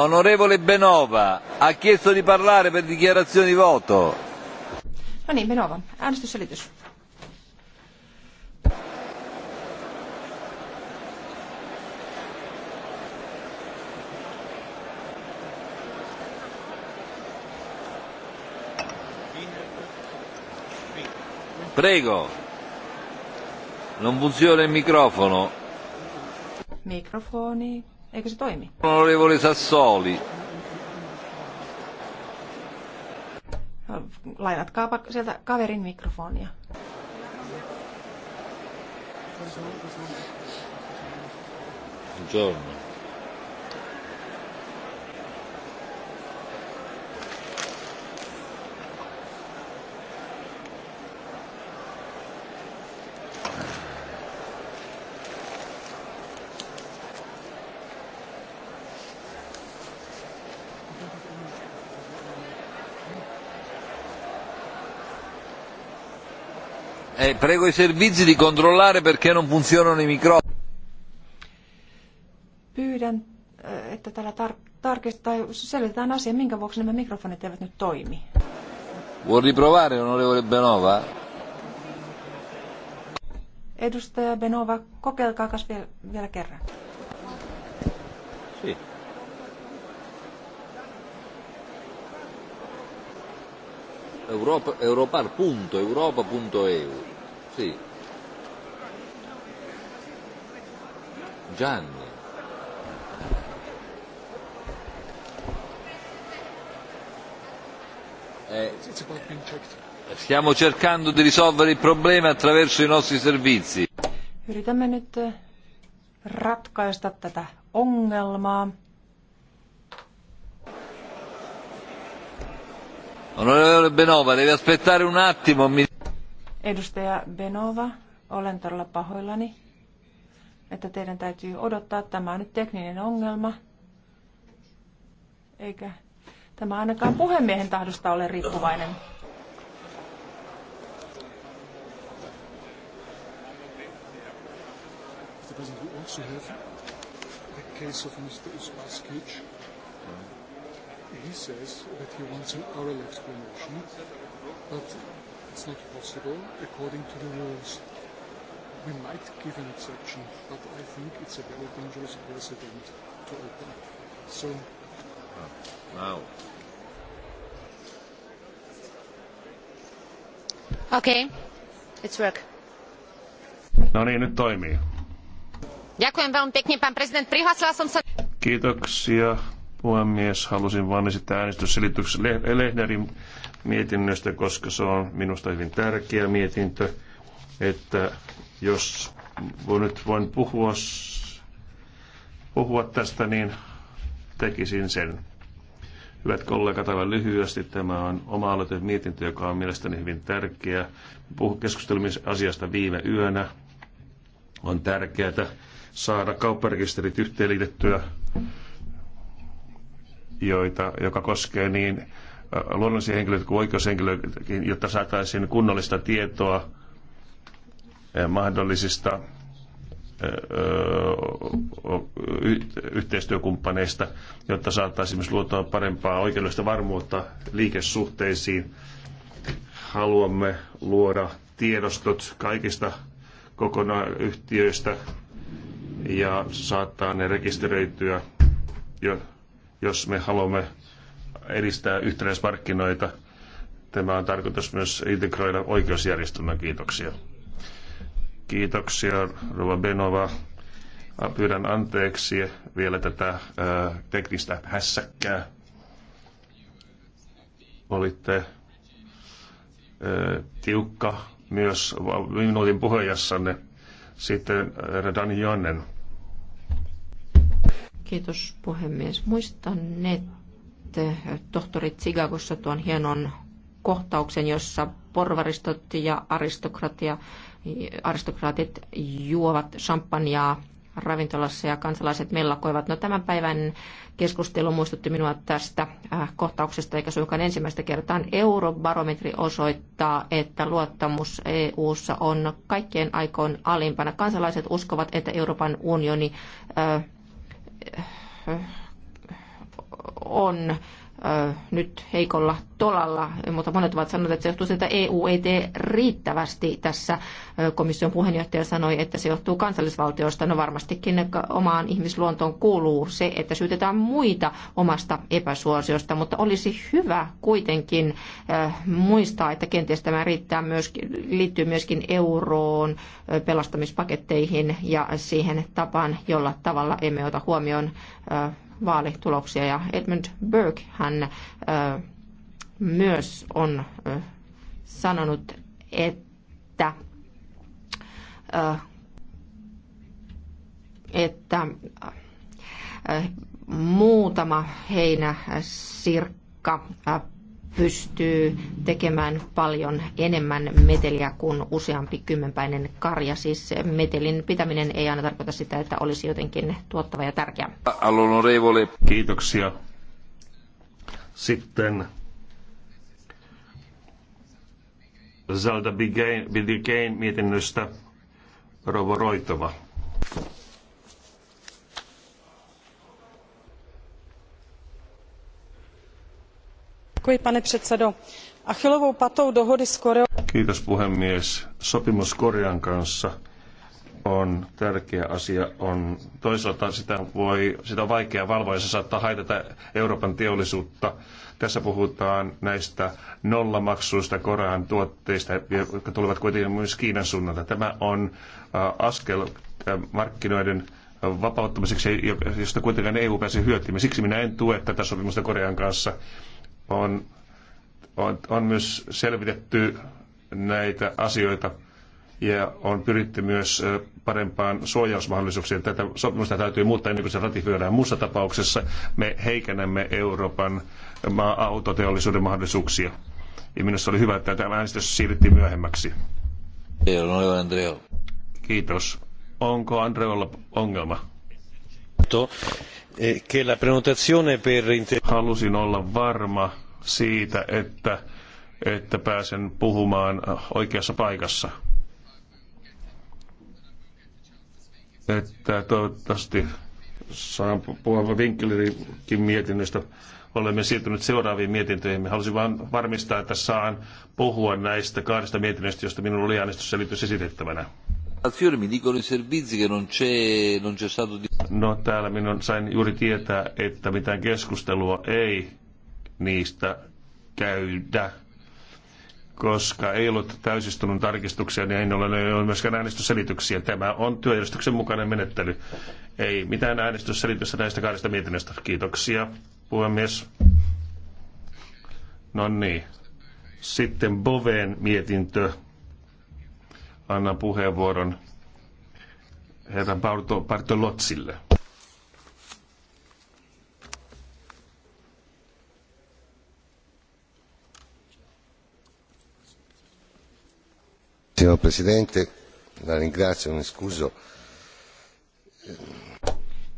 Onorevole Benova ha chiesto di parlare per dichiarazione di voto. No niin, Benova. Äänestysselitys. Prego. Non funziona il microfono. Mikrofoni. Eikö se toimi? Onorevoli Sassoli. Lainatkaapa sieltä kaverin mikrofonia. Buongiorno. Eh, prego i servizi di controllare perché non funzionano i microfoni. Pyydän, eh, että tällä tar- tarkistetaan selvitetään asia, minkä vuoksi nämä mikrofonit eivät nyt toimi. Vuoi riprovare, onorevole Benova? Edustaja Benova, kokeilkaa vielä, vielä kerran. Sì. europar.europa.eu. E sì. Gianni. Eh, stiamo cercando di risolvere il problema attraverso i nostri servizi. Yritämme nyt ratkaista tätä ongelmaa. Onorevole Benova, devi aspettare un attimo. Edustaja Benova, olen todella pahoillani, että teidän täytyy odottaa. Tämä on nyt tekninen ongelma. Eikä tämä ainakaan puhemiehen tahdosta ole riippuvainen. also have case of Mr he says that he wants an oral explanation, but it's not possible according to the rules. We might give an exception, but I think it's a very dangerous precedent to open. So. Oh, wow. Okay, it's work. No niin, nyt toimii. Ďakujem veľmi pekne, pán prezident. Prihlásila som sa... Kiitoksia, puhemies, halusin vain esittää äänestysselityksen Lehnerin mietinnöstä, koska se on minusta hyvin tärkeä mietintö, että jos voin nyt voin puhua, puhua tästä, niin tekisin sen. Hyvät kollegat, aivan lyhyesti. Tämä on oma mietintö, joka on mielestäni hyvin tärkeä. Puhu asiasta viime yönä. On tärkeää saada kaupparekisterit yhteenliitettyä joita, joka koskee niin luonnollisia henkilöitä kuin oikeushenkilöitä, jotta saataisiin kunnollista tietoa mahdollisista yhteistyökumppaneista, jotta saataisiin myös luotua parempaa oikeudellista varmuutta liikesuhteisiin. Haluamme luoda tiedostot kaikista kokonaan yhtiöistä ja saattaa ne rekisteröityä jo jos me haluamme edistää yhtenäismarkkinoita. Tämä on tarkoitus myös integroida oikeusjärjestelmän. Kiitoksia. Kiitoksia, Rova Benova. Pyydän anteeksi vielä tätä teknistä hässäkkää. Olitte tiukka myös minuutin puheenjassanne. Sitten Dani Jonnen. Kiitos puhemies. Muistan, että tohtori Chicagossa tuon hienon kohtauksen, jossa porvaristot ja aristokratia, aristokraatit juovat champanjaa ravintolassa ja kansalaiset mellakoivat. No tämän päivän keskustelu muistutti minua tästä äh, kohtauksesta, eikä suinkaan ensimmäistä kertaa. Eurobarometri osoittaa, että luottamus EU:ssa on kaikkien aikoin alimpana. Kansalaiset uskovat, että Euroopan unioni äh, äh, on nyt heikolla tolalla, mutta monet ovat sanoneet, että se johtuu siitä, että EU ei tee riittävästi tässä. Komission puheenjohtaja sanoi, että se johtuu kansallisvaltioista. No varmastikin omaan ihmisluontoon kuuluu se, että syytetään muita omasta epäsuosiosta, mutta olisi hyvä kuitenkin muistaa, että kenties tämä riittää myöskin, liittyy myöskin euroon, pelastamispaketteihin ja siihen tapaan, jolla tavalla emme ota huomioon vaalituloksia ja Edmund Burke hän myös on sanonut, että että muutama heinä sirkka pystyy tekemään paljon enemmän meteliä kuin useampi kymmenpäinen karja. Siis metelin pitäminen ei aina tarkoita sitä, että olisi jotenkin tuottava ja tärkeä. Kiitoksia. Sitten Zelda Bigain mietinnöstä Rovo Roitova. pane Achillovou patou dohody s Koreou... Kiitos puhemies. Sopimus Korean kanssa on tärkeä asia. On, toisaalta sitä, voi, sitä on vaikea valvoa ja se saattaa haitata Euroopan teollisuutta. Tässä puhutaan näistä nollamaksuista Korean tuotteista, jotka tulevat kuitenkin myös Kiinan suunnalta. Tämä on askel markkinoiden vapauttamiseksi, josta kuitenkaan EU e pääsee hyötymään. Siksi minä en tue tätä sopimusta Korean kanssa on, on, on myös selvitetty näitä asioita ja on pyritty myös parempaan suojausmahdollisuuksiin. Tätä sopimusta täytyy muuttaa ennen kuin se ratifioidaan. Muussa tapauksessa me heikennämme Euroopan autoteollisuuden mahdollisuuksia. Ja minusta oli hyvä, että tämä äänestys siirrettiin myöhemmäksi. Kiitos. Onko Andreolla ongelma? E halusin olla varma siitä, että, että pääsen puhumaan äh, oikeassa paikassa. Että toivottavasti saan puhua vinkkelikin mietinnöstä. Olemme siirtyneet seuraaviin mietintöihin. Halusin vain varmistaa, että saan puhua näistä kahdesta mietinnöstä, josta minulla oli äänestysselitys esitettävänä. No täällä minun sain juuri tietää, että mitään keskustelua ei niistä käydä koska ei ollut täysistunnon tarkistuksia, niin ei ole, ei ole myöskään äänestysselityksiä. Tämä on työjärjestyksen mukainen menettely. Ei mitään äänestysselitystä näistä kahdesta mietinnöstä. Kiitoksia, puhemies. No niin. Sitten Boveen mietintö annan puheenvuoron herra Parto, Bartolotsille. Signor Presidente, la ringrazio, mi scuso.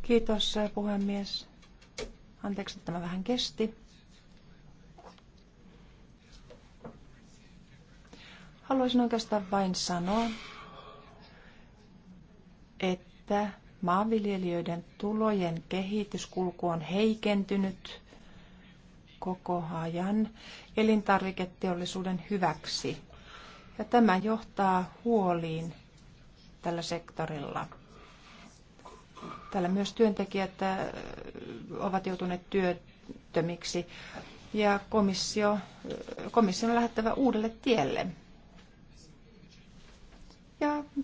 Kiitos puhemies. Anteeksi, että tämä vähän kesti. Haluaisin oikeastaan vain sanoa, että maanviljelijöiden tulojen kehityskulku on heikentynyt koko ajan elintarviketeollisuuden hyväksi. Ja tämä johtaa huoliin tällä sektorilla. Täällä myös työntekijät äh, ovat joutuneet työttömiksi ja komissio, äh, komissio on lähettävä uudelle tielle.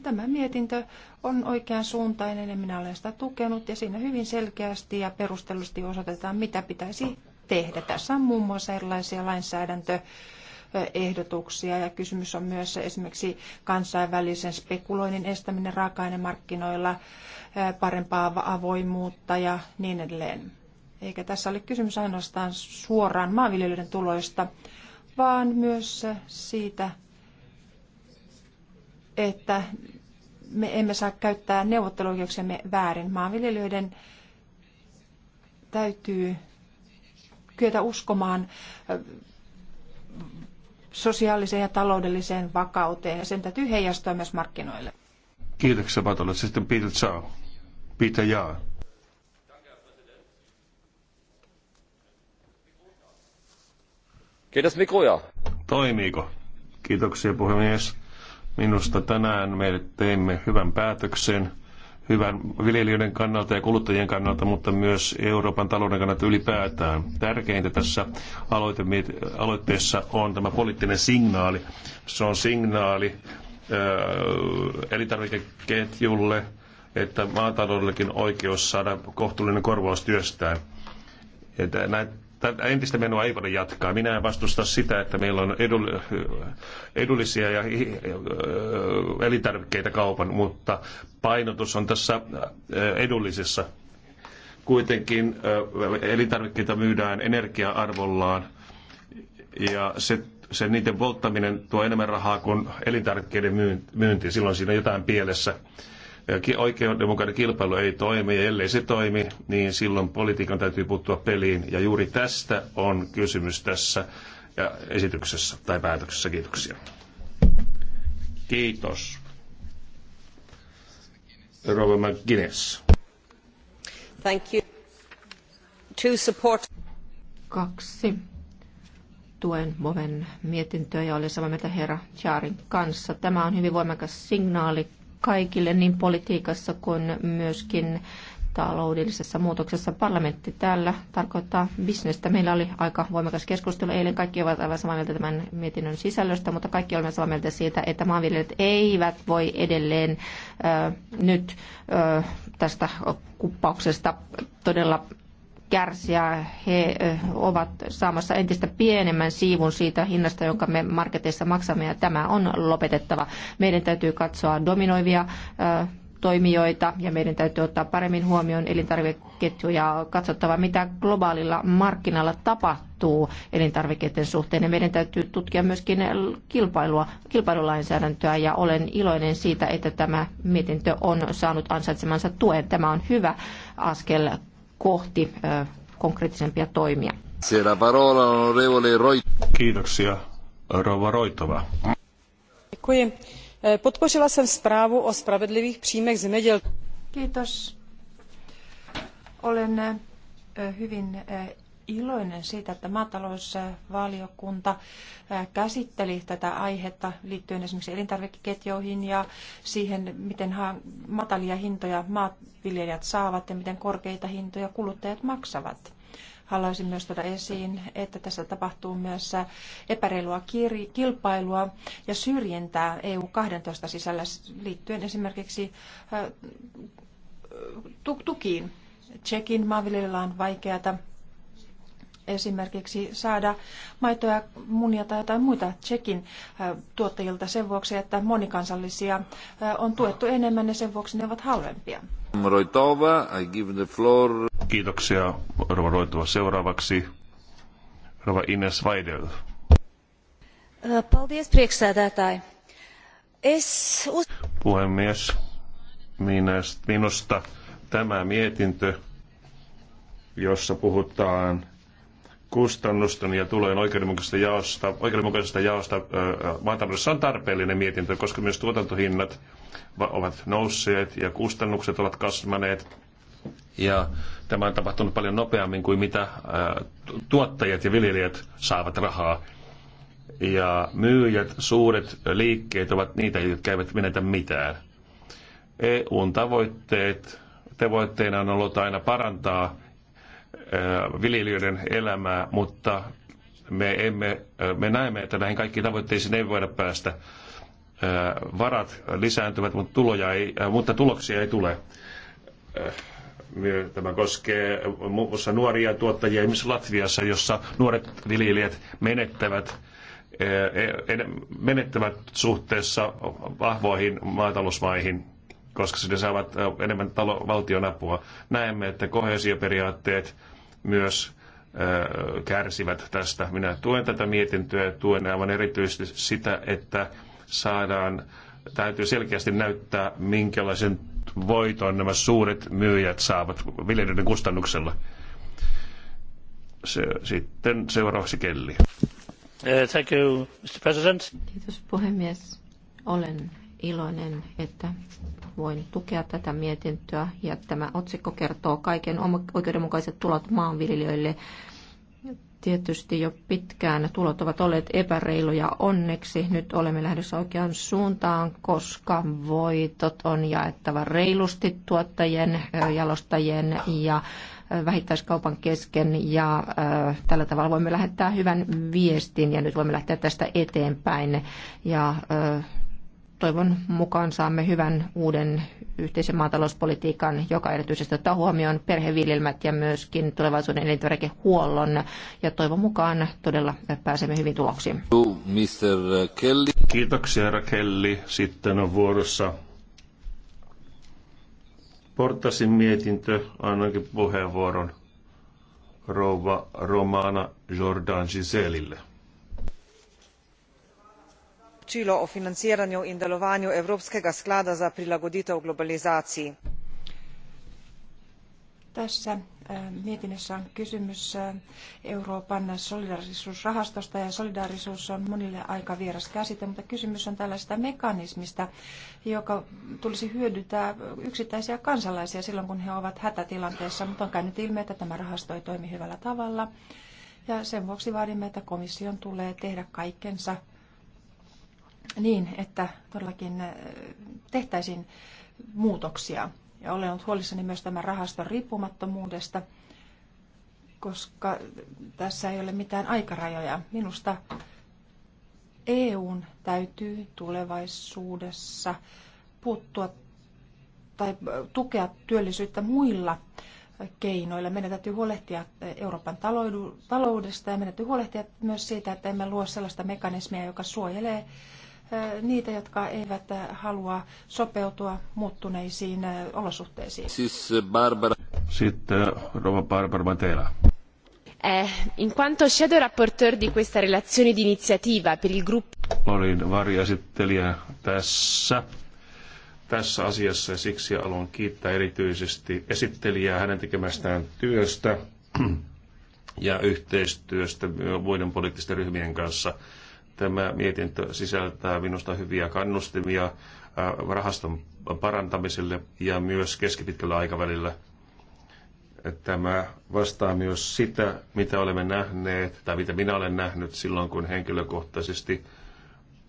Tämä mietintö on oikean suuntainen ja minä olen sitä tukenut ja siinä hyvin selkeästi ja perustellusti osoitetaan, mitä pitäisi tehdä. Tässä on muun muassa erilaisia lainsäädäntö ehdotuksia ja kysymys on myös esimerkiksi kansainvälisen spekuloinnin estäminen raaka-ainemarkkinoilla, parempaa avoimuutta ja niin edelleen. Eikä tässä ole kysymys ainoastaan suoraan maanviljelyiden tuloista, vaan myös siitä, että me emme saa käyttää neuvotteluoikeuksiamme väärin. Maanviljelijöiden täytyy kyetä uskomaan sosiaaliseen ja taloudelliseen vakauteen, ja sen täytyy heijastua myös markkinoille. Kiitoksia, Matola. Sitten Peter Chao. Peter Jaa. Kiitos Mikuja. Toimiiko? Kiitoksia puhemies. Minusta tänään me teimme hyvän päätöksen hyvän viljelijöiden kannalta ja kuluttajien kannalta, mutta myös Euroopan talouden kannalta ylipäätään. Tärkeintä tässä aloitteessa on tämä poliittinen signaali. Se on signaali äh, elintarvikeketjulle, että maataloudellakin oikeus saada kohtuullinen korvaus työstään. Että näitä tätä entistä menoa ei voida jatkaa. Minä en vastusta sitä, että meillä on edullisia ja eh, eh, elintarvikkeita kaupan, mutta painotus on tässä eh, edullisessa. Kuitenkin elintarvikkeita myydään energia-arvollaan ja se, se niiden polttaminen tuo enemmän rahaa kuin elintarvikkeiden myynti. Silloin siinä on jotain pielessä oikeudenmukainen kilpailu ei toimi, ja ellei se toimi, niin silloin politiikan täytyy puuttua peliin, ja juuri tästä on kysymys tässä ja esityksessä tai päätöksessä. Kiitoksia. Kiitos. Rova McGuinness. Thank you. To support. Kaksi. Tuen Moven mietintöä ja olen samaa mieltä herra Jaarin kanssa. Tämä on hyvin voimakas signaali kaikille niin politiikassa kuin myöskin taloudellisessa muutoksessa parlamentti täällä tarkoittaa bisnestä. Meillä oli aika voimakas keskustelu eilen. Kaikki ovat aivan samaa mieltä tämän mietinnön sisällöstä, mutta kaikki olemme samaa mieltä siitä, että maanviljelijät eivät voi edelleen äh, nyt äh, tästä kuppauksesta todella kärsiä. He ovat saamassa entistä pienemmän siivun siitä hinnasta, jonka me marketeissa maksamme, ja tämä on lopetettava. Meidän täytyy katsoa dominoivia toimijoita ja meidän täytyy ottaa paremmin huomioon ja katsottava mitä globaalilla markkinalla tapahtuu elintarvikkeiden suhteen ja meidän täytyy tutkia myöskin kilpailua, kilpailulainsäädäntöä ja olen iloinen siitä, että tämä mietintö on saanut ansaitsemansa tuen. Tämä on hyvä askel kohti konkreettisempia toimia. Kiitoksia. Rova Roitova. Děkuji. E, podpořila jsem zprávu o spravedlivých příjmech zemědělců. Kiitos. Olen e, hyvin e, iloinen siitä, että maatalousvaliokunta käsitteli tätä aihetta liittyen esimerkiksi elintarvikeketjoihin ja siihen, miten matalia hintoja maanviljelijät saavat ja miten korkeita hintoja kuluttajat maksavat. Haluaisin myös tuoda esiin, että tässä tapahtuu myös epäreilua kilpailua ja syrjintää EU-12 sisällä liittyen esimerkiksi tukiin. Tsekin maanviljelijöillä on vaikeata esimerkiksi saada maitoja, munia tai jotain muita Tsekin tuottajilta sen vuoksi, että monikansallisia on tuettu enemmän ja sen vuoksi ne ovat halvempia. Roitova, I give the floor. Kiitoksia, Rova Roitova. Seuraavaksi Rova Ines Vaidel. Es... Puhemies, minusta tämä mietintö, jossa puhutaan kustannusten ja tulojen oikeudenmukaisesta jaosta, oikeudenmukaisesta jaosta maataloudessa on tarpeellinen mietintö, koska myös tuotantohinnat ovat nousseet ja kustannukset ovat kasvaneet. Ja tämä on tapahtunut paljon nopeammin kuin mitä tuottajat ja viljelijät saavat rahaa. Ja myyjät, suuret liikkeet ovat niitä, jotka eivät menetä mitään. EUn tavoitteet, tavoitteena on ollut aina parantaa viljelijöiden elämää, mutta me, emme, me näemme, että näihin kaikkiin tavoitteisiin ei voida päästä. Varat lisääntyvät, mutta, tuloja ei, mutta tuloksia ei tule. Tämä koskee muun muassa nuoria tuottajia esimerkiksi Latviassa, jossa nuoret viljelijät menettävät e- menettävät suhteessa vahvoihin maatalousmaihin koska ne saavat enemmän talo, valtion apua. Näemme, että kohesioperiaatteet myös kärsivät tästä. Minä tuen tätä mietintöä ja tuen aivan erityisesti sitä, että saadaan, täytyy selkeästi näyttää, minkälaisen voiton nämä suuret myyjät saavat viljelijöiden kustannuksella. Se, sitten seuraavaksi Kelli. Eh, thank you, Mr. President. Kiitos puhemies. Olen iloinen, että voin tukea tätä mietintöä ja tämä otsikko kertoo kaiken oikeudenmukaiset tulot maanviljelijöille. Tietysti jo pitkään tulot ovat olleet epäreiluja. Onneksi nyt olemme lähdössä oikeaan suuntaan, koska voitot on jaettava reilusti tuottajien, jalostajien ja vähittäiskaupan kesken ja tällä tavalla voimme lähettää hyvän viestin ja nyt voimme lähteä tästä eteenpäin. Ja toivon mukaan saamme hyvän uuden yhteisen maatalouspolitiikan, joka erityisesti ottaa huomioon perheviljelmät ja myöskin tulevaisuuden elintarvikehuollon. Ja toivon mukaan todella pääsemme hyvin tuloksiin. Mr. Kelly. Kiitoksia, herra Kelly. Sitten on vuorossa Portasin mietintö. Annankin puheenvuoron rouva Romana Jordan Giselille poročilo o financiranju in delovanju evropskega sklada za prilagoditev globalizaciji. Tässä eh, mietinnössä on kysymys eh, Euroopan solidaarisuusrahastosta ja solidaarisuus on monille aika vieras käsite, mutta kysymys on tällaista mekanismista, joka tulisi hyödyntää yksittäisiä kansalaisia silloin, kun he ovat hätätilanteessa, mutta on käynyt ilmi, että tämä rahasto ei toimi hyvällä tavalla. Ja sen vuoksi vaadimme, että komission tulee tehdä kaikkensa niin, että todellakin äh, tehtäisiin muutoksia. Ja olen ollut huolissani myös tämän rahaston riippumattomuudesta, koska tässä ei ole mitään aikarajoja. Minusta EUn täytyy tulevaisuudessa puuttua tai tukea työllisyyttä muilla keinoilla. Meidän täytyy huolehtia Euroopan taloudesta ja meidän täytyy huolehtia myös siitä, että emme luo sellaista mekanismia, joka suojelee niitä, jotka eivät halua sopeutua muuttuneisiin olosuhteisiin. Siis Barbara. Sitten Rova Barbara Matela. Eh, in quanto shadow rapporteur di questa relazione d'iniziativa per il gruppo... Olin varjaesittelijä tässä tässä asiassa ja siksi haluan kiittää erityisesti esittelijää hänen tekemästään työstä ja yhteistyöstä muiden poliittisten ryhmien kanssa Tämä mietintö sisältää minusta hyviä kannustimia äh, rahaston parantamiselle ja myös keskipitkällä aikavälillä. Tämä vastaa myös sitä, mitä olemme nähneet tai mitä minä olen nähnyt silloin, kun henkilökohtaisesti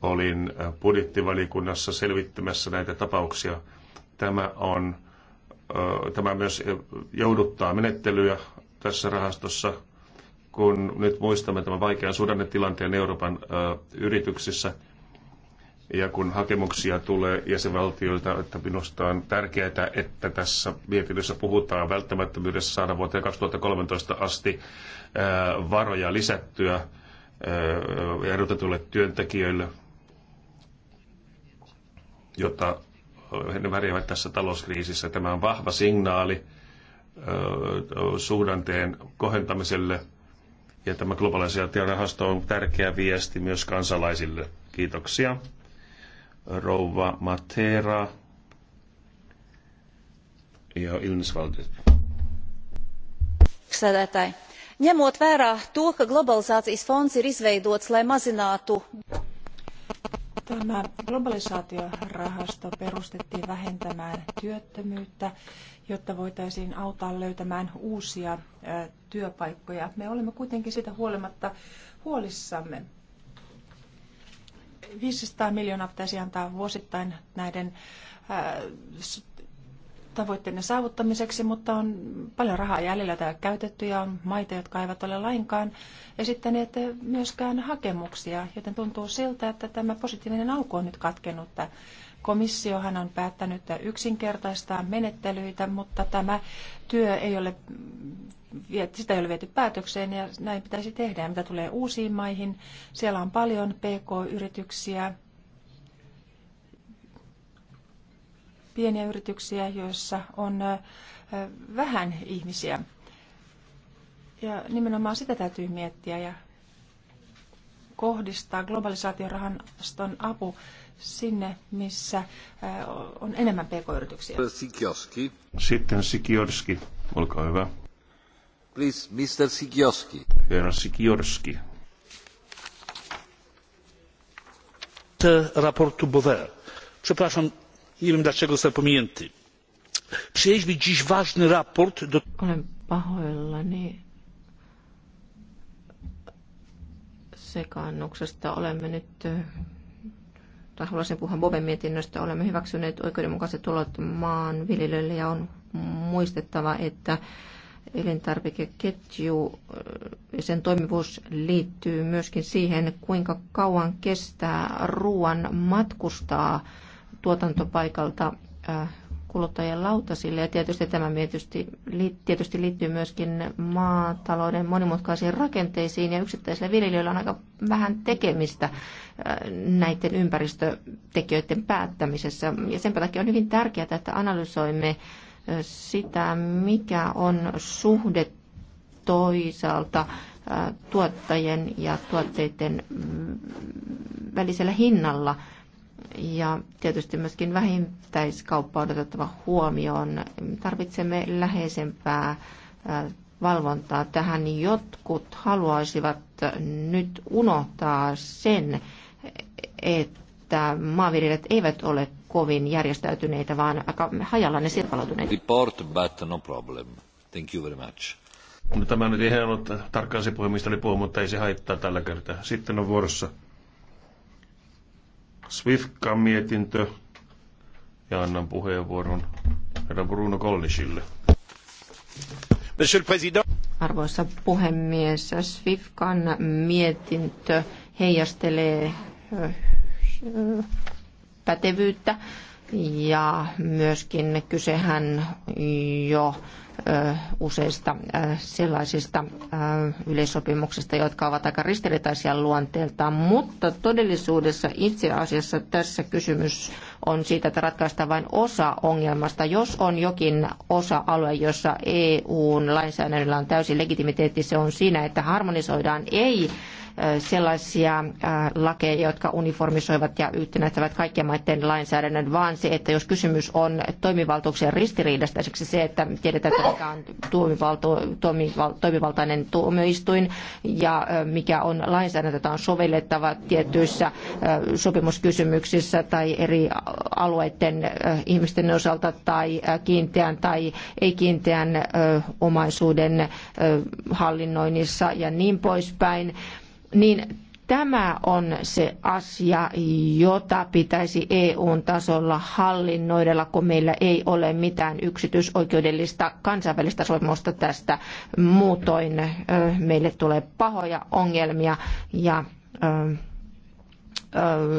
olin äh, budjettivalikunnassa selvittämässä näitä tapauksia. Tämä, on, äh, tämä myös jouduttaa menettelyä tässä rahastossa – kun nyt muistamme tämän vaikean suhdannetilanteen Euroopan ö, yrityksissä ja kun hakemuksia tulee jäsenvaltioilta, että minusta on tärkeää, että tässä mietinnössä puhutaan välttämättömyydessä saada vuoteen 2013 asti ö, varoja lisättyä ö, erotetuille työntekijöille, jotta he värjäävät tässä talouskriisissä. Tämä on vahva signaali suhdanteen kohentamiselle – ja tämä globalisaatiorahasto on tärkeä viesti myös kansalaisille. Kiitoksia. Rouva Matera ja Ilnesvaldet. Sēdētāji, ņemot vērā to, ka globalizācijas fonds ir izveidots, lai mazinātu Tämä globalisaatiorahasto perustettiin vähentämään työttömyyttä jotta voitaisiin auttaa löytämään uusia työpaikkoja. Me olemme kuitenkin sitä huolimatta huolissamme. 500 miljoonaa pitäisi antaa vuosittain näiden tavoitteiden saavuttamiseksi, mutta on paljon rahaa jäljellä tai käytetty ja on maita, jotka eivät ole lainkaan esittäneet myöskään hakemuksia, joten tuntuu siltä, että tämä positiivinen alku on nyt katkenut. Komissiohan on päättänyt yksinkertaistaa menettelyitä, mutta tämä työ ei ole, sitä ei ole viety päätökseen ja näin pitäisi tehdä. Ja mitä tulee uusiin maihin, siellä on paljon PK-yrityksiä, pieniä yrityksiä, joissa on vähän ihmisiä. Ja nimenomaan sitä täytyy miettiä ja kohdistaa globalisaatiorahaston apu sinne, missä äh, on enemmän pk-yrityksiä. Sikioski. Sitten Sikiorski, olkaa hyvä. Please, Mr. Sikioski. Herra Sikioski. raportu Bover. Przepraszam, nie wiem dlaczego jestem pominięty. Przyjęliśmy dziś ważny raport do... Olen pahoillani sekaannuksesta. Olemme nyt haluaisin puhua Boben mietinnöstä. Olemme hyväksyneet oikeudenmukaiset tulot maanviljelijöille ja on muistettava, että elintarvikeketju ja sen toimivuus liittyy myöskin siihen, kuinka kauan kestää ruoan matkustaa tuotantopaikalta äh, kuluttajien lautasille. Ja tietysti tämä tietysti, tietysti liittyy myöskin maatalouden monimutkaisiin rakenteisiin ja yksittäisillä viljelijöillä on aika vähän tekemistä äh, näiden ympäristötekijöiden päättämisessä. Ja sen takia on hyvin tärkeää, että analysoimme äh, sitä, mikä on suhde toisaalta äh, tuottajien ja tuotteiden mm, välisellä hinnalla – ja tietysti myöskin vähintäiskauppa on otettava huomioon. Tarvitsemme läheisempää valvontaa tähän. Jotkut haluaisivat nyt unohtaa sen, että maanviljelijät eivät ole kovin järjestäytyneitä, vaan aika hajallaan ja sirpaloituneita. Report, but no problem. Thank you very much. No, tämä nyt ei ollut tarkkaan se puhe, mistä oli puhunut, mutta ei se haittaa tällä kertaa. Sitten on vuorossa Swifkan mietintö ja annan puheenvuoron herra Bruno Kollisille. Arvoisa puhemies, Swifkan mietintö heijastelee pätevyyttä ja myöskin kysehän jo useista sellaisista yleissopimuksista, jotka ovat aika ristiriitaisia luonteeltaan, mutta todellisuudessa itse asiassa tässä kysymys on siitä, että ratkaistaan vain osa ongelmasta. Jos on jokin osa-alue, jossa EUn lainsäädännöllä on täysin legitimiteetti, se on siinä, että harmonisoidaan ei sellaisia lakeja, jotka uniformisoivat ja yhtenäistävät kaikkien maiden lainsäädännön, vaan se, että jos kysymys on toimivaltuuksien ristiriidasta, esimerkiksi se, että tiedetään, että mikä on tuomivalto, tuomival, toimivaltainen tuomioistuin ja mikä on lainsäädäntö, jota on sovellettava tietyissä sopimuskysymyksissä tai eri alueiden ihmisten osalta tai kiinteän tai ei-kiinteän omaisuuden hallinnoinnissa ja niin poispäin niin Tämä on se asia, jota pitäisi EUn tasolla hallinnoidella, kun meillä ei ole mitään yksityisoikeudellista kansainvälistä sopimusta tästä. Muutoin meille tulee pahoja ongelmia ja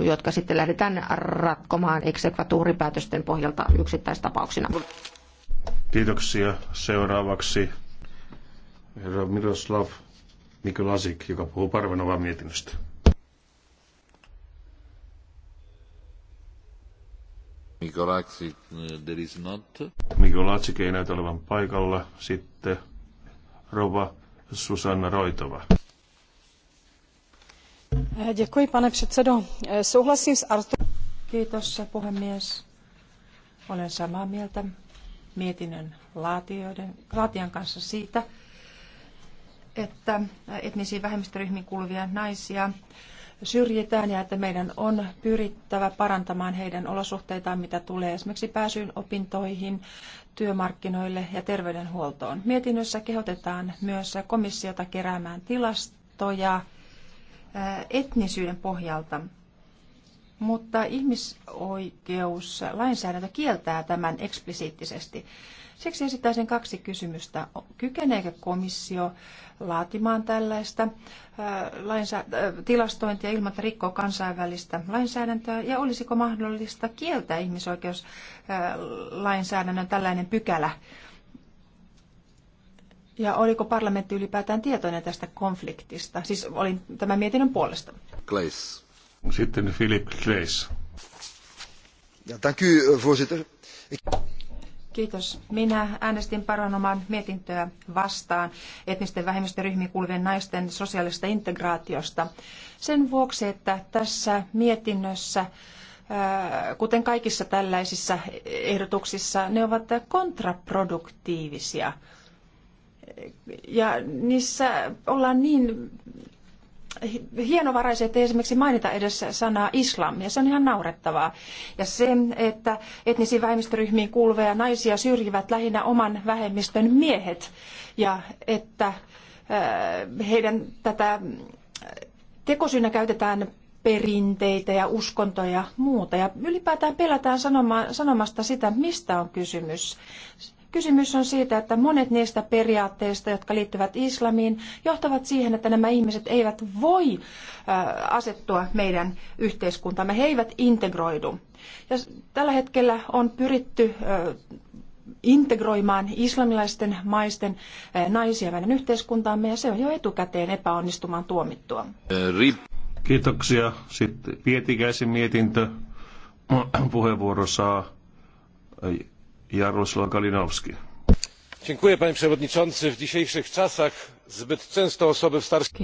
jotka sitten lähdetään ratkomaan eksekvatuuripäätösten pohjalta yksittäistapauksina. Kiitoksia. Seuraavaksi herra Miroslav Mikulasik, joka puhuu Parvenovan mietinnöstä. Mikolaksik, eh, there ei näytä olevan paikalla. Sitten rova Susanna Roitova. Eh, děkuji, pane předsedo. Eh, souhlasím s Artur... Kiitos, puhemies. Olen samaa mieltä mietinnön laatijoiden, laatijan kanssa siitä, että etnisiin vähemmistöryhmiin kuuluvia naisia syrjitään ja että meidän on pyrittävä parantamaan heidän olosuhteitaan, mitä tulee esimerkiksi pääsyyn opintoihin, työmarkkinoille ja terveydenhuoltoon. Mietinnössä kehotetaan myös komissiota keräämään tilastoja etnisyyden pohjalta, mutta ihmisoikeuslainsäädäntö kieltää tämän eksplisiittisesti. Siksi esittäisin kaksi kysymystä. Kykeneekö komissio laatimaan tällaista äh, äh, tilastointia ilman, että rikkoo kansainvälistä lainsäädäntöä? Ja olisiko mahdollista kieltää ihmisoikeuslainsäädännön tällainen pykälä? Ja oliko parlamentti ylipäätään tietoinen tästä konfliktista? Siis olin tämän mietinnön puolesta. Kleis. Sitten Philip Kleis. Ja, dank u, voorzitter. Ik... Kiitos. Minä äänestin paranomaan mietintöä vastaan etnisten vähemmistöryhmiin kuuluvien naisten sosiaalista integraatiosta sen vuoksi, että tässä mietinnössä kuten kaikissa tällaisissa ehdotuksissa, ne ovat kontraproduktiivisia. Ja niissä ollaan niin hienovaraisia, ettei esimerkiksi mainita edes sanaa islam, ja se on ihan naurettavaa. Ja se, että etnisiin vähemmistöryhmiin kuuluvia naisia syrjivät lähinnä oman vähemmistön miehet, ja että äh, heidän tätä äh, tekosyynä käytetään perinteitä ja uskontoja ja muuta. Ja ylipäätään pelätään sanoma, sanomasta sitä, mistä on kysymys. Kysymys on siitä, että monet niistä periaatteista, jotka liittyvät islamiin, johtavat siihen, että nämä ihmiset eivät voi asettua meidän yhteiskuntaamme. He eivät integroidu. Ja tällä hetkellä on pyritty integroimaan islamilaisten maisten naisia meidän yhteiskuntaamme, ja se on jo etukäteen epäonnistumaan tuomittua. Kiitoksia. Sitten Pietikäisen mietintö puheenvuoro saa panie przewodniczący. W dzisiejszych czasach zbyt często osoby w starszych...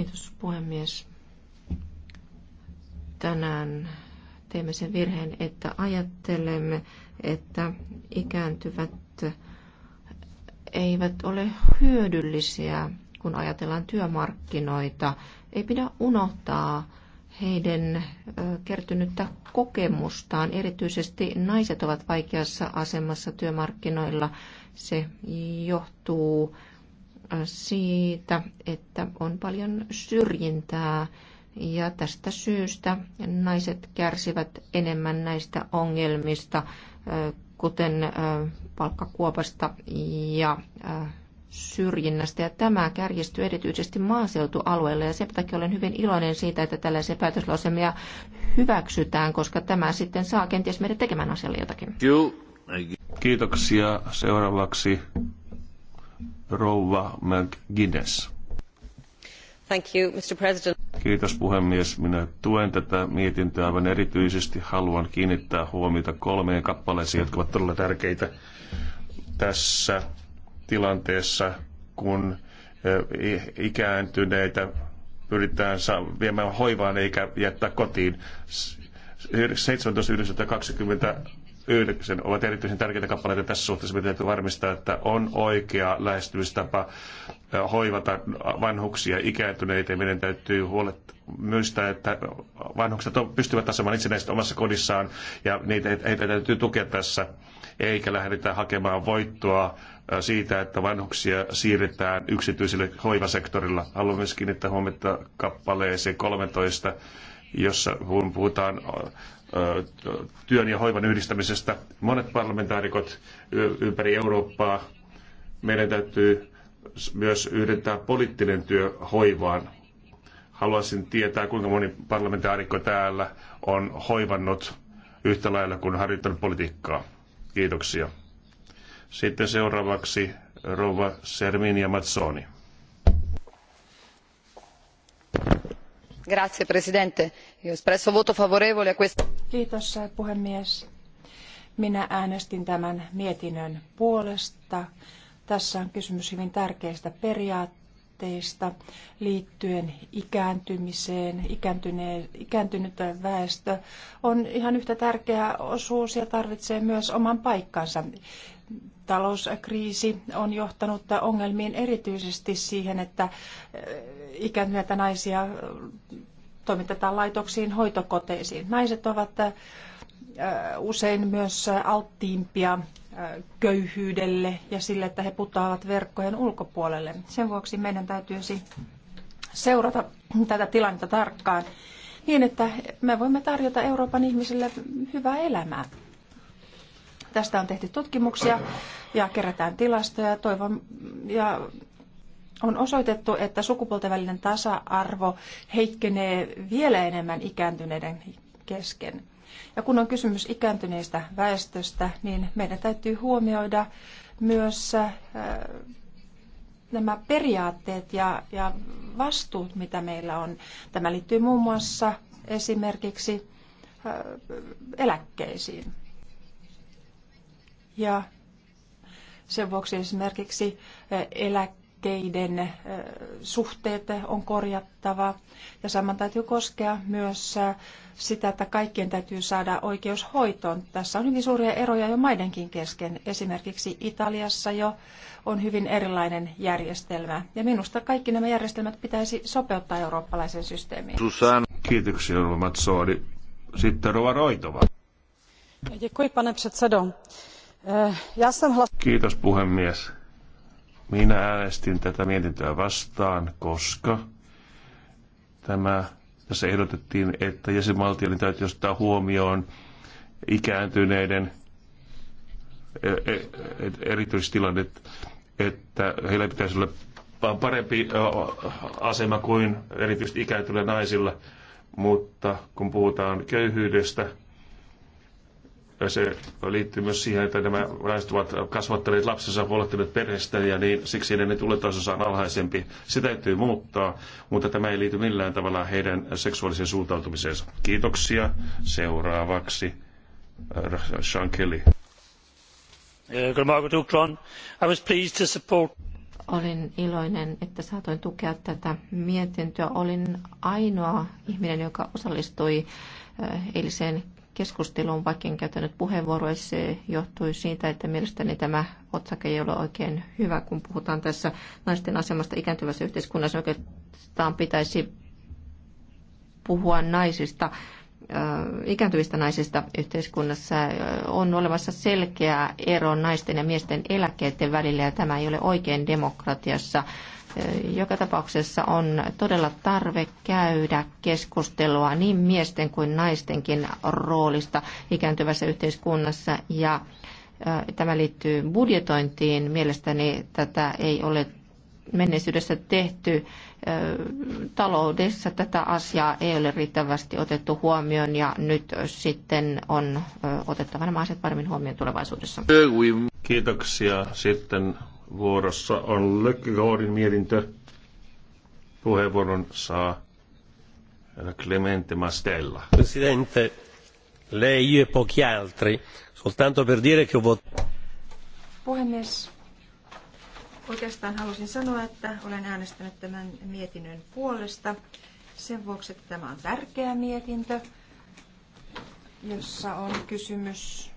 että ajattelemme, että ikääntyvät eivät ole hyödyllisiä, kun ajatellaan työmarkkinoita. Ei pidä unohtaa, heidän kertynyttä kokemustaan. Erityisesti naiset ovat vaikeassa asemassa työmarkkinoilla. Se johtuu siitä, että on paljon syrjintää ja tästä syystä naiset kärsivät enemmän näistä ongelmista, kuten palkkakuopasta ja syrjinnästä ja tämä kärjistyy erityisesti maaseutualueilla ja sen takia olen hyvin iloinen siitä, että tällaisia päätöslausemia hyväksytään, koska tämä sitten saa kenties meidän tekemään asialle jotakin. Kiitoksia. Seuraavaksi rouva McGuinness. Thank you, Mr. President. Kiitos puhemies. Minä tuen tätä mietintöä aivan erityisesti. Haluan kiinnittää huomiota kolmeen kappaleeseen, jotka ovat todella tärkeitä tässä tilanteessa, kun ikääntyneitä pyritään viemään hoivaan eikä jättää kotiin. 17.9.29 ovat erityisen tärkeitä kappaleita tässä suhteessa. Me täytyy varmistaa, että on oikea lähestymistapa hoivata vanhuksia, ikääntyneitä. Ja meidän täytyy huolehtia myöstä, että vanhukset pystyvät asemaan itsenäisesti omassa kodissaan ja niitä, heitä täytyy tukea tässä, eikä lähdetä hakemaan voittoa siitä, että vanhuksia siirretään yksityiselle hoivasektorilla. Haluan myös kiinnittää huomiota kappaleeseen 13, jossa puhutaan työn ja hoivan yhdistämisestä. Monet parlamentaarikot ympäri Eurooppaa, meidän täytyy myös yhdentää poliittinen työ hoivaan. Haluaisin tietää, kuinka moni parlamentaarikko täällä on hoivannut yhtä lailla kuin harjoittanut politiikkaa. Kiitoksia. Sitten seuraavaksi rouva Serminia Mazzoni. Grazie Presidente. espresso voto favorevole a questo. Kiitos puhemies. Minä äänestin tämän mietinnön puolesta. Tässä on kysymys hyvin tärkeistä periaatteista liittyen ikääntymiseen. Ikääntynyt väestö on ihan yhtä tärkeä osuus ja tarvitsee myös oman paikkansa talouskriisi on johtanut ongelmiin erityisesti siihen, että äh, ikääntyneitä naisia äh, toimitetaan laitoksiin hoitokoteisiin. Naiset ovat äh, usein myös alttiimpia köyhyydelle ja sille, että he putoavat verkkojen ulkopuolelle. Sen vuoksi meidän täytyisi seurata tätä tilannetta tarkkaan niin, että me voimme tarjota Euroopan ihmisille hyvää elämää. Tästä on tehty tutkimuksia ja kerätään tilastoja. Toivon, ja on osoitettu, että sukupuolten välinen tasa-arvo heikkenee vielä enemmän ikääntyneiden kesken. Ja kun on kysymys ikääntyneistä väestöstä, niin meidän täytyy huomioida myös äh, nämä periaatteet ja, ja vastuut, mitä meillä on. Tämä liittyy muun muassa esimerkiksi äh, eläkkeisiin. Ja sen vuoksi esimerkiksi eh, eläkkeiden eh, suhteet on korjattava. Ja saman täytyy koskea myös eh, sitä, että kaikkien täytyy saada oikeus hoitoon. Tässä on hyvin suuria eroja jo maidenkin kesken. Esimerkiksi Italiassa jo on hyvin erilainen järjestelmä. Ja minusta kaikki nämä järjestelmät pitäisi sopeuttaa eurooppalaiseen systeemiin. Susan, kiitoksia Matsoori. Sitten Rova Roitova. Děkuji, pane předsedo Äh, Kiitos puhemies. Minä äänestin tätä mietintöä vastaan, koska tämä, tässä ehdotettiin, että jäsenvaltioiden täytyy ottaa huomioon ikääntyneiden e, e, e, erityistilanne, että heillä pitäisi olla parempi asema kuin erityisesti ikääntyneillä naisilla, mutta kun puhutaan köyhyydestä, se liittyy myös siihen, että nämä naiset ovat kasvattaneet lapsensa, huolehtineet perheestä ja niin siksi heidän tuletasossa on alhaisempi. Se täytyy muuttaa, mutta tämä ei liity millään tavalla heidän seksuaaliseen suuntautumiseensa. Kiitoksia. Seuraavaksi äh, Sean Kelly. I was pleased to support Olin iloinen, että saatoin tukea tätä mietintöä. Olin ainoa ihminen, joka osallistui äh, eiliseen keskusteluun, vaikka en käytänyt puheenvuoroa. Se johtui siitä, että mielestäni tämä otsake ei ole oikein hyvä, kun puhutaan tässä naisten asemasta ikääntyvässä yhteiskunnassa. Oikeastaan pitäisi puhua naisista ikääntyvistä naisista yhteiskunnassa on olemassa selkeä ero naisten ja miesten eläkkeiden välillä ja tämä ei ole oikein demokratiassa. Joka tapauksessa on todella tarve käydä keskustelua niin miesten kuin naistenkin roolista ikääntyvässä yhteiskunnassa ja Tämä liittyy budjetointiin. Mielestäni tätä ei ole menneisyydessä tehty. Taloudessa tätä asiaa ei ole riittävästi otettu huomioon ja nyt sitten on otettava nämä asiat paremmin huomioon tulevaisuudessa. Kiitoksia. Sitten vuorossa on Lökkökoodin mietintö. Puheenvuoron saa Clemente Mastella. Presidente, lei e pochi altri, soltanto per dire che ho Puhemies, oikeastaan halusin sanoa, että olen äänestänyt tämän mietinnön puolesta sen vuoksi, että tämä on tärkeä mietintö, jossa on kysymys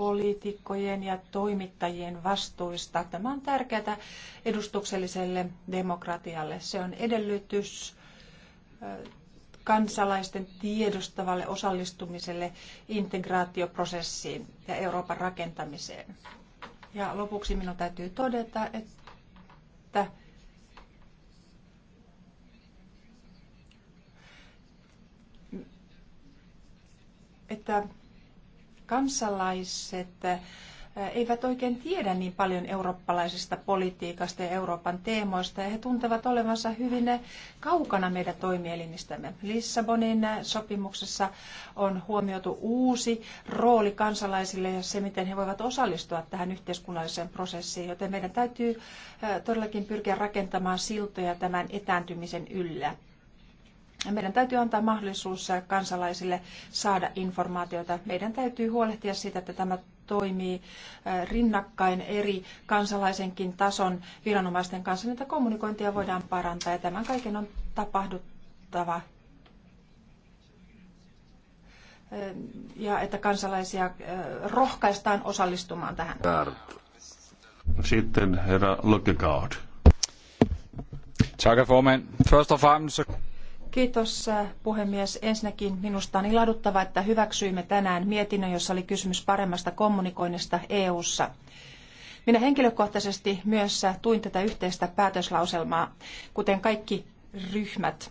poliitikkojen ja toimittajien vastuista. Tämä on tärkeää edustukselliselle demokratialle. Se on edellytys kansalaisten tiedostavalle osallistumiselle integraatioprosessiin ja Euroopan rakentamiseen. Ja lopuksi minun täytyy todeta, että että kansalaiset eivät oikein tiedä niin paljon eurooppalaisesta politiikasta ja Euroopan teemoista, ja he tuntevat olevansa hyvin kaukana meidän toimielimistämme. Lissabonin sopimuksessa on huomioitu uusi rooli kansalaisille ja se, miten he voivat osallistua tähän yhteiskunnalliseen prosessiin, joten meidän täytyy todellakin pyrkiä rakentamaan siltoja tämän etääntymisen yllä. Meidän täytyy antaa mahdollisuus kansalaisille saada informaatiota. Meidän täytyy huolehtia siitä, että tämä toimii äh, rinnakkain eri kansalaisenkin tason viranomaisten kanssa. Niin että kommunikointia voidaan parantaa ja tämän kaiken on tapahduttava äh, ja että kansalaisia äh, rohkaistaan osallistumaan tähän. Sitten herra Lukkegaard. Tack, formand. Först och främst Kiitos äh, puhemies. Ensinnäkin minusta on ilahduttava, että hyväksyimme tänään mietinnön, jossa oli kysymys paremmasta kommunikoinnista EU:ssa. Minä henkilökohtaisesti myös äh, tuin tätä yhteistä päätöslauselmaa, kuten kaikki ryhmät.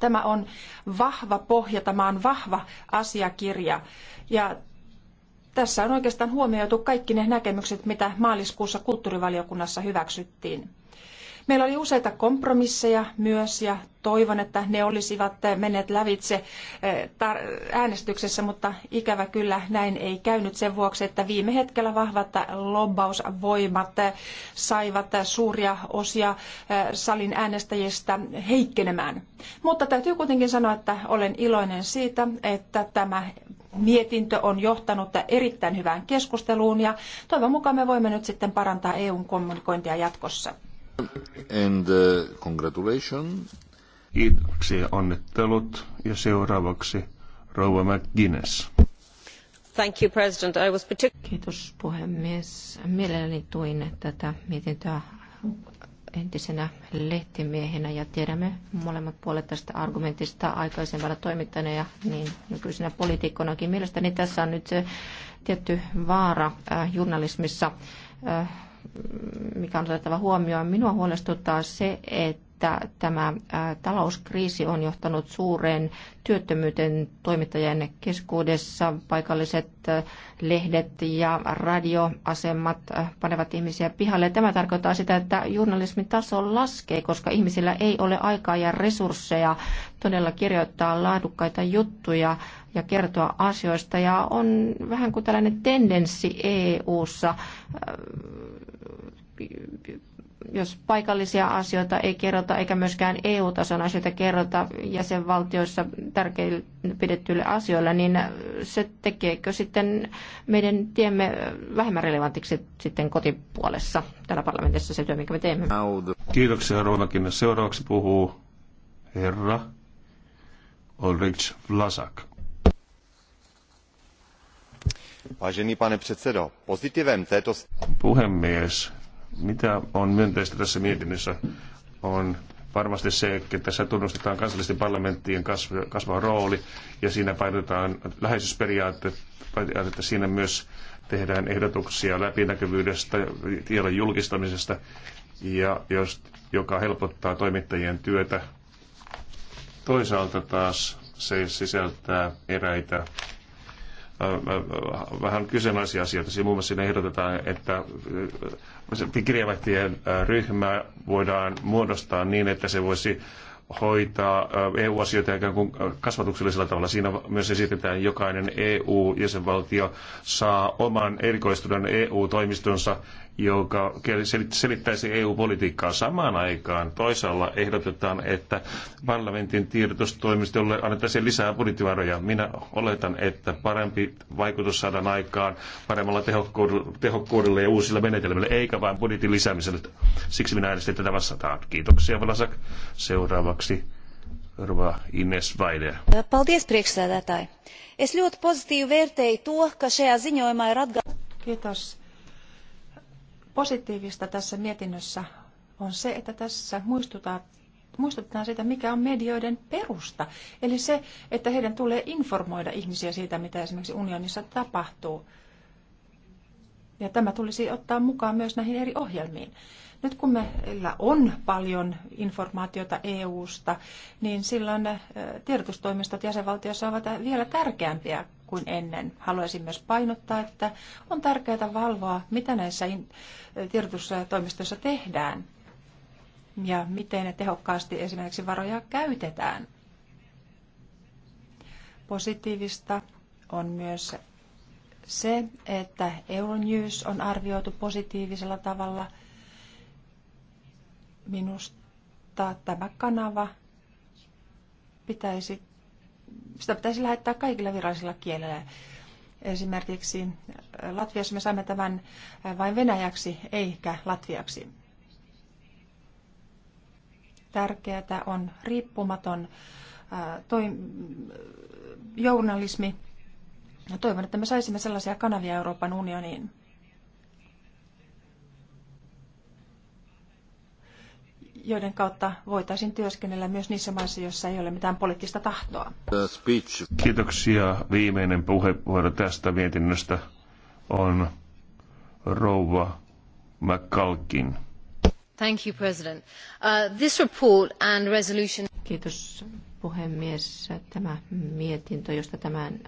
Tämä on vahva pohja, tämä on vahva asiakirja ja tässä on oikeastaan huomioitu kaikki ne näkemykset, mitä maaliskuussa kulttuurivaliokunnassa hyväksyttiin. Meillä oli useita kompromisseja myös ja toivon, että ne olisivat menneet lävitse eh, äänestyksessä, mutta ikävä kyllä näin ei käynyt sen vuoksi, että viime hetkellä vahvat lobbausvoimat eh, saivat suuria osia eh, salin äänestäjistä heikkenemään. Mutta täytyy kuitenkin sanoa, että olen iloinen siitä, että tämä mietintö on johtanut erittäin hyvään keskusteluun ja toivon mukaan me voimme nyt sitten parantaa EUn kommunikointia jatkossa. And uh, congratulations. Kiitoksia onnittelut ja seuraavaksi rouva McGuinness. Thank you, President. I was particular... Kiitos puhemies. Mielelläni tuin tätä mietintöä entisenä lehtimiehenä ja tiedämme molemmat puolet tästä argumentista aikaisemmalla toimittajana ja niin nykyisenä poliitikkonakin. Mielestäni tässä on nyt se tietty vaara äh, journalismissa. Äh, mikä on otettava huomioon. Minua huolestuttaa se, että tämä talouskriisi on johtanut suureen työttömyyteen toimittajien keskuudessa. Paikalliset lehdet ja radioasemat panevat ihmisiä pihalle. Tämä tarkoittaa sitä, että journalismin taso laskee, koska ihmisillä ei ole aikaa ja resursseja todella kirjoittaa laadukkaita juttuja ja kertoa asioista. Ja on vähän kuin tällainen tendenssi EU-ssa jos paikallisia asioita ei kerrota eikä myöskään EU-tason asioita kerrota jäsenvaltioissa tärkeille pidettyille asioille, niin se tekeekö sitten meidän tiemme vähemmän relevantiksi sitten kotipuolessa täällä parlamentissa se työ, minkä me teemme? Kiitoksia Ruomakin. Seuraavaksi puhuu herra Ulrich Vlasak. Vážený pane předsedo, pozitivem této... Puhemies, mitä on myönteistä tässä mietinnössä on varmasti se, että tässä tunnustetaan kansallisten parlamenttien kasvava rooli ja siinä painotetaan läheisyysperiaatetta. Siinä myös tehdään ehdotuksia läpinäkyvyydestä, tiedon julkistamisesta, ja jos, joka helpottaa toimittajien työtä. Toisaalta taas se sisältää eräitä äh, äh, vähän kyseenalaisia asioita. Siinä muun muassa siinä ehdotetaan, että äh, kirjeenvaihtajien ryhmä voidaan muodostaa niin, että se voisi hoitaa EU-asioita ikään kuin kasvatuksellisella tavalla. Siinä myös esitetään, että jokainen EU-jäsenvaltio saa oman erikoistuneen EU-toimistonsa, joka selittäisi EU-politiikkaa samaan aikaan. Toisaalla ehdotetaan, että parlamentin tiedotustoimistolle annettaisiin lisää budjettivaroja. Minä oletan, että parempi vaikutus saadaan aikaan paremmalla tehokkuudella ja uusilla menetelmillä, eikä vain budjetin lisäämisellä. Siksi minä äänestin tätä vastaan. Kiitoksia, Vlasak. Seuraava Seuraavaksi Rova Ines Vaide. Paldies, priekšsēdētāji. Es ļoti pozitīvi vērtēju to, ka šajā ziņojumā ir atgal... Kiitos. Positiivista tässä mietinnössä on se, että tässä muistutaan muistutetaan siitä, mikä on medioiden perusta. Eli se, että heidän tulee informoida ihmisiä siitä, mitä esimerkiksi unionissa tapahtuu. Ja tämä tulisi ottaa mukaan myös näihin eri ohjelmiin. Nyt kun meillä on paljon informaatiota EU-sta, niin silloin eh, tiedotustoimistot jäsenvaltiossa ovat vielä tärkeämpiä kuin ennen. Haluaisin myös painottaa, että on tärkeää valvoa, mitä näissä eh, tiedotustoimistoissa tehdään ja miten ne tehokkaasti esimerkiksi varoja käytetään. Positiivista on myös se, että Euronews on arvioitu positiivisella tavalla – Minusta tämä kanava pitäisi, sitä pitäisi lähettää kaikilla virallisilla kielillä. Esimerkiksi Latviassa me saamme tämän vain venäjäksi eikä latviaksi. Tärkeää on riippumaton toi, journalismi. Toivon, että me saisimme sellaisia kanavia Euroopan unioniin. joiden kautta voitaisiin työskennellä myös niissä maissa, joissa ei ole mitään poliittista tahtoa. Kiitoksia. Viimeinen puheenvuoro tästä mietinnöstä on rouva McCalkin. Thank you, President. Uh, this report and resolution... Kiitos puhemies. Tämä mietintö, josta tämän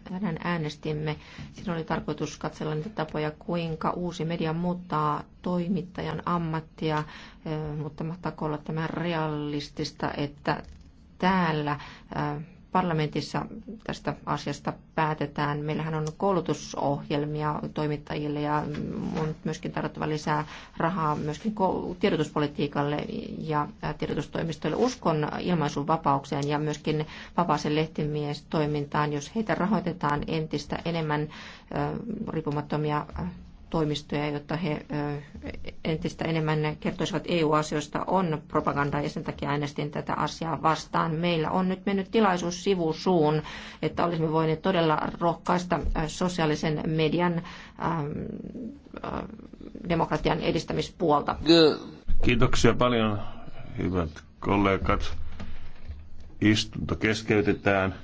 äänestimme, siinä oli tarkoitus katsella niitä tapoja, kuinka uusi media muuttaa toimittajan ammattia, eh, mutta mahtaako olla tämä realistista, että täällä eh, parlamentissa tästä asiasta päätetään. Meillähän on koulutusohjelmia toimittajille ja on myöskin tarjottava lisää rahaa myöskin tiedotuspolitiikalle ja tiedotustoimistoille. Uskon ilmaisun vapaukseen ja myöskin vapaaseen lehtimietoimintaan, jos heitä rahoitetaan entistä enemmän riippumattomia toimistoja, jotta he entistä enemmän kertoisivat EU-asioista, on propaganda ja sen takia äänestin tätä asiaa vastaan. Meillä on nyt mennyt tilaisuus sivusuun, että olisimme voineet todella rohkaista sosiaalisen median demokratian edistämispuolta. Kiitoksia paljon, hyvät kollegat. Istunto keskeytetään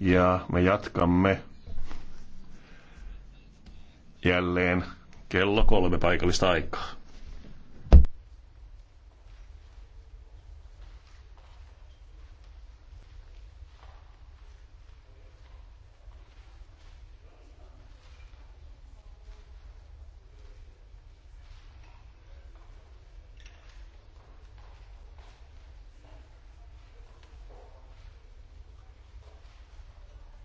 ja me jatkamme jälleen kello kolme paikallista aikaa.